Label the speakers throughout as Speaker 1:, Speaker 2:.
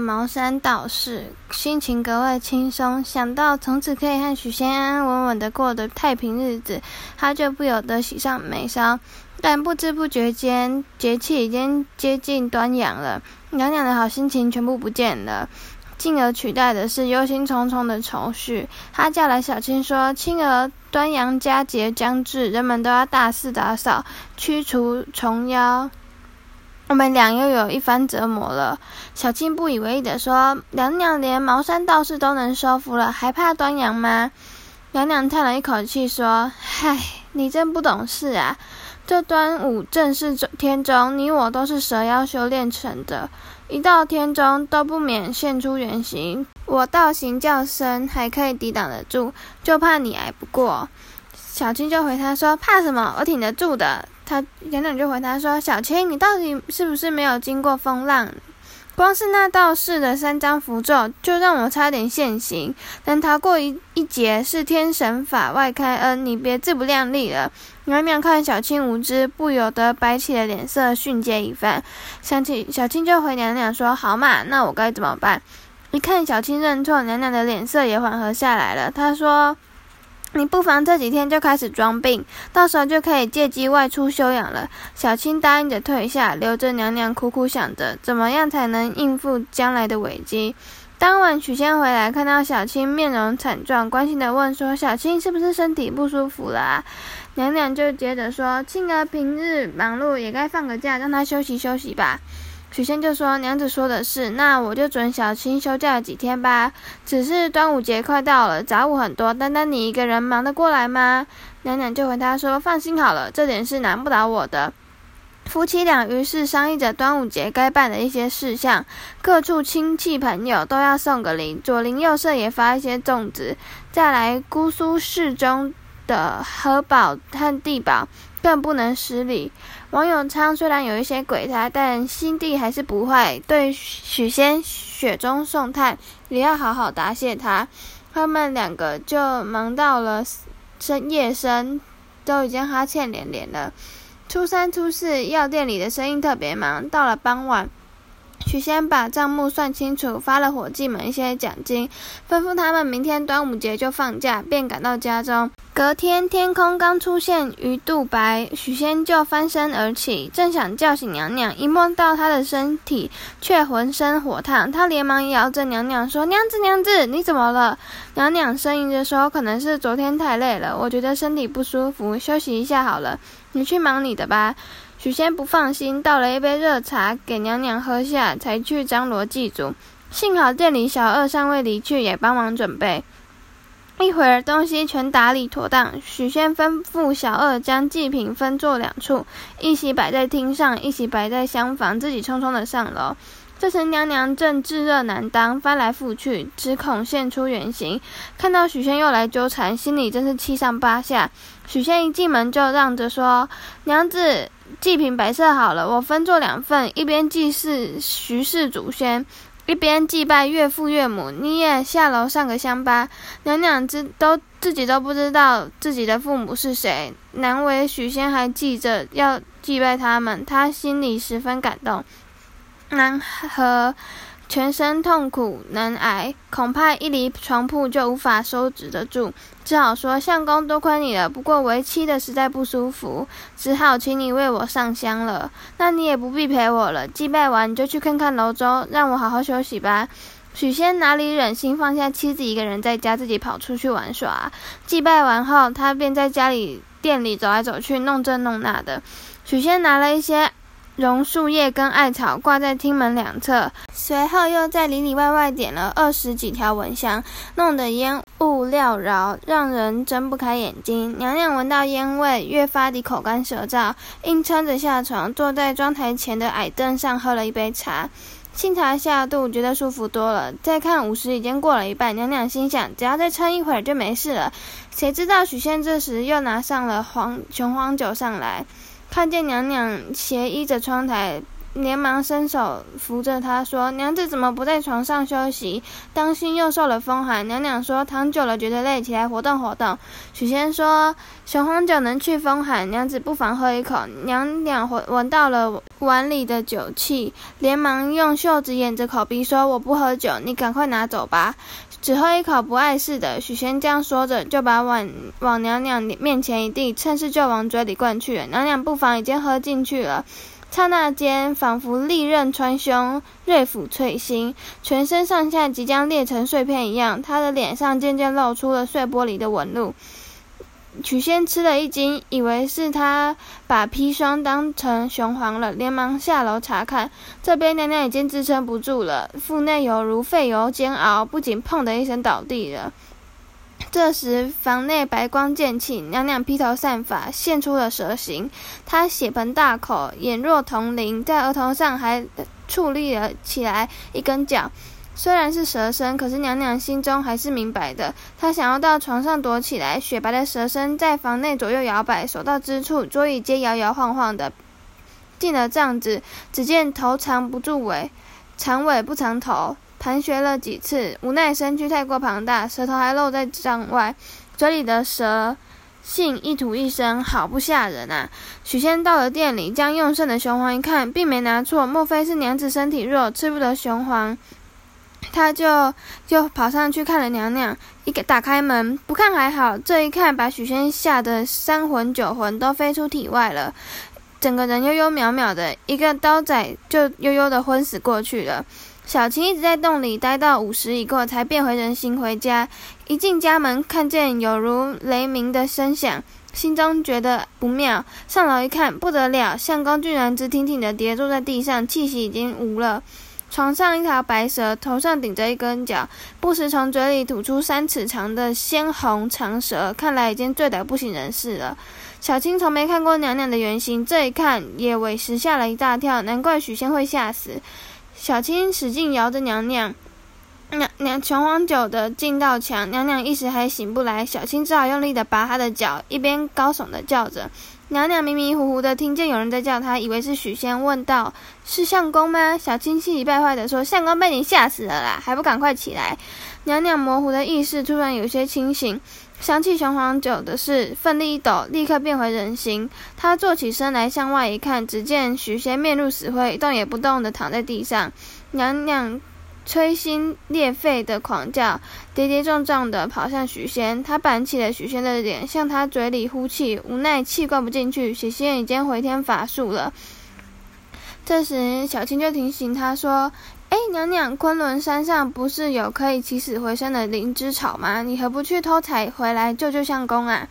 Speaker 1: 茅山道士心情格外輕鬆，想到從此可以和許仙安安穩穩地過着太平日子，他就不由得喜上眉梢。但不知不覺間，節氣已經接近端陽了，娘娘的好心情全部不見了，進而取代的是憂心忡忡的愁緒。他叫來小青說：“青兒，端陽佳節將至，人們都要大肆打掃，驅除蟲妖。”我們倆又有一番折磨了。小青不以為意地說：“娘娘連茅山道士都能收服了，還怕端陽嗎？”娘娘嘆了一口氣說：“嗨，你真不懂事啊！這端午正是天中，你我都是蛇妖修煉成的，一到天中都不免現出原形。我道行較深，還可以抵擋得住，就怕你挨不過。”小青就回他說：“怕什麼？我挺得住的。”他娘娘就回答說：“小青，你到底是不是沒有經過風浪？光是那道士的三張符咒，就讓我差點現形，等逃過一一劫是天神法外開恩，呃，你別自不量力了。”娘娘看小青無知，不由得擺起了臉色，訓誡一番。想起小青就回娘娘說：“好嘛，那我該怎麼辦？”一看小青認錯，娘娘的臉色也緩和下來了。她說。你不妨這幾天就開始裝病，到時候就可以借機外出休養了。小青答應着退下，留着娘娘苦苦想着怎麼樣才能應付將來的危機。當晚，許仙回來，看到小青面容慘狀，關心地問說：“小青是不是身體不舒服了啊？”娘娘就接着說：“青兒平日忙碌，也該放個假，讓她休息休息吧。”許仙就說：“娘子說的是，那我就准小青休假了幾天吧。只是端午節快到了，雜務很多，單單你一個人忙得過來嗎？”娘娘就回他說：“放心好了，這點事難不倒我的。”夫妻倆於是商議着端午節該辦的一些事項，各處親戚朋友都要送個禮，左鄰右舍也發一些粽子，再來姑蘇市中的河寶和地寶，更不能失禮。王永昌雖然有一些鬼胎，但心地還是不壞，對許仙雪中送炭，你要好好答謝他。他們兩個就忙到了深夜深，都已經哈欠連連了。初三初四，藥店裡的生意特別忙，到了傍晚。許仙把賬目算清楚，發了夥計們一些獎金，吩咐他們明天端午節就放假，便趕到家中。隔天，天空剛出現魚肚白，許仙就翻身而起，正想叫醒娘娘，一摸到她的身體，卻渾身火燙。他連忙搖着娘娘說：“娘子，娘子，你怎麼了？”娘娘呻吟着說：“可能是昨天太累了，我覺得身體不舒服，休息一下好了。你去忙你的吧。”許仙不放心，倒了一杯熱茶給娘娘喝下，才去張羅祭祖。幸好店裡小二尚未離去，也幫忙準備。一會兒東西全打理妥當，許仙吩咐小二將祭品分作兩處，一席擺在廳上，一席擺在廂房，自己匆匆的上樓。這時娘娘正炙熱難當，翻來覆去，只恐現出原形。看到許仙又來糾纏，心裡真是七上八下。許仙一進門就嚷着說：“娘子，祭品擺設好了，我分做兩份，一邊祭祀徐氏祖先，一邊祭拜岳父岳母。你也下樓上個香吧。”娘娘知都自己都不知道自己的父母是誰，難為許仙還記着要祭拜他們，她心裡十分感動。難和全身痛苦難挨，恐怕一離床鋪就無法收拾得住，只好說，相公多虧你了。不過為妻的實在不舒服，只好請你為我上香了。那你也不必陪我了，祭拜完你就去看看樓州，讓我好好休息吧。許仙哪裡忍心放下妻子一個人在家，自己跑出去玩耍？祭拜完後，他便在家裡店裡走來走去，弄這弄那的。許仙拿了一些，榕樹葉跟艾草掛在廳門兩側，隨後又在裡裡外外點了二十幾條蚊香，弄得煙霧繚繞，讓人睜不開眼睛。娘娘聞到煙味，越發的口乾舌燥，硬撐着下床，坐在妝台前的矮凳上喝了一杯茶。清茶下肚，覺得舒服多了。再看午時已經過了一半，娘娘心想，只要再撐一會兒就沒事了。誰知道許仙這時又拿上了黃雄黃酒上來。看見娘娘斜倚着窗台。連忙伸手扶着她，說：“娘子怎麼不在床上休息？當心又受了風寒。”娘娘說：“躺久了覺得累，起來活動活動。”許仙說：“雄黃酒能去風寒，娘子不妨喝一口。”娘娘聞聞到了碗裡的酒氣，連忙用袖子掩着口鼻，說：“我不喝酒，你趕快拿走吧，只喝一口不礙事的。”許仙這樣說着，就把碗往娘娘面前一遞，趁勢就往嘴裡灌去了。娘娘不妨已經喝進去了。剎那間，仿佛利刃穿胸，銳斧摧心，全身上下即將裂成碎片一樣。她的臉上漸漸露出了碎玻璃的紋路。許仙吃了一驚，以為是他把砒霜當成雄黃了，連忙下樓查看。這邊娘娘已經支撐不住了，腹內猶如沸油煎熬，不僅“砰”的一聲倒地了。這時，房內白光漸起，娘娘披頭散髮，現出了蛇形。她血盆大口，眼若銅鈴，在額頭上還矗立了起來一根角。雖然是蛇身，可是娘娘心中還是明白的。她想要到床上躲起來。雪白的蛇身在房內左右搖擺，所到之處，桌椅皆搖搖晃晃的。進了帳子，只見頭藏不住尾，藏尾不藏頭。盤旋了幾次，無奈身軀太過龐大，舌頭還露在帳外，嘴裡的蛇信一吐一伸，好不嚇人啊！許仙到了店裡，將用剩的雄黃一看，並沒拿錯。莫非是娘子身體弱，吃不得雄黃？他就就跑上去看了娘娘，一打開門，不看還好，這一看把許仙嚇得三魂九魂都飛出體外了，整個人悠悠渺渺的，一個刀仔就悠悠的昏死過去了。小青一直在洞裡待到午時已過，才變回人形回家。一進家門，看見有如雷鳴的聲響，心中覺得不妙。上樓一看，不得了，相公居然直挺挺地跌坐在地上，氣息已經無了。床上一條白蛇，頭上頂着一根角，不時從嘴裡吐出三尺長的鮮紅長舌，看來已經醉得不省人事了。小青從沒看過娘娘的原形，這一看也委實嚇了一大跳，難怪許仙會嚇死。小青使勁搖着娘娘，娘娘雄黃酒的勁道強，娘娘一時還醒不來。小青只好用力的拔她的腳，一邊高聳的叫着。娘娘迷迷糊糊的聽見有人在叫她，以為是許仙，問道：“是相公嗎？”小青氣急敗壞的說：“相公被你嚇死了啦，還不趕快起來！”娘娘模糊的意識突然有些清醒。想起雄黃酒的事，奮力一抖，立刻變回人形。他坐起身來，向外一看，只見許仙面如死灰，一動也不動地躺在地上，娘娘撕心裂肺地狂叫，跌跌撞撞地跑向許仙。他板起了許仙的臉，向他嘴裡呼氣，無奈氣灌不進去。許仙已經回天乏術了。這時，小青就提醒他說。哎，娘娘，昆崙山上不是有可以起死回生的靈芝草嗎？你何不去偷採回來救救相公啊？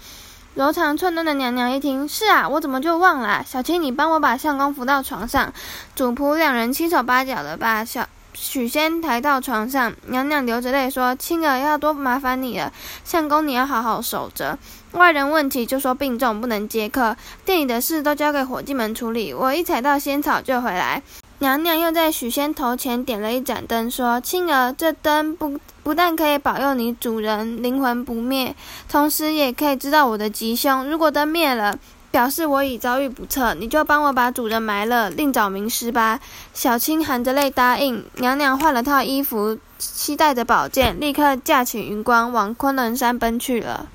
Speaker 1: 柔腸寸斷的娘娘一聽，是啊，我怎麼就忘了啊？小青，你幫我把相公扶到床上。主僕兩人七手八腳的把小許仙抬到床上。娘娘流着淚說：“親兒，要多麻煩你了。相公，你要好好守着。外人問起，就說病重不能接客，店裡的事都交給夥計們處理。我一採到仙草就回來。”娘娘又在許仙頭前點了一盞燈，說：“青兒，這燈不不但可以保佑你主人靈魂不滅，同時也可以知道我的吉凶。如果燈滅了，表示我已遭遇不測，你就幫我把主人埋了，另找名師吧。”小青含着淚答應。娘娘換了套衣服，攜帶著寶劍，立刻駕起雲光，往昆崙山奔去了。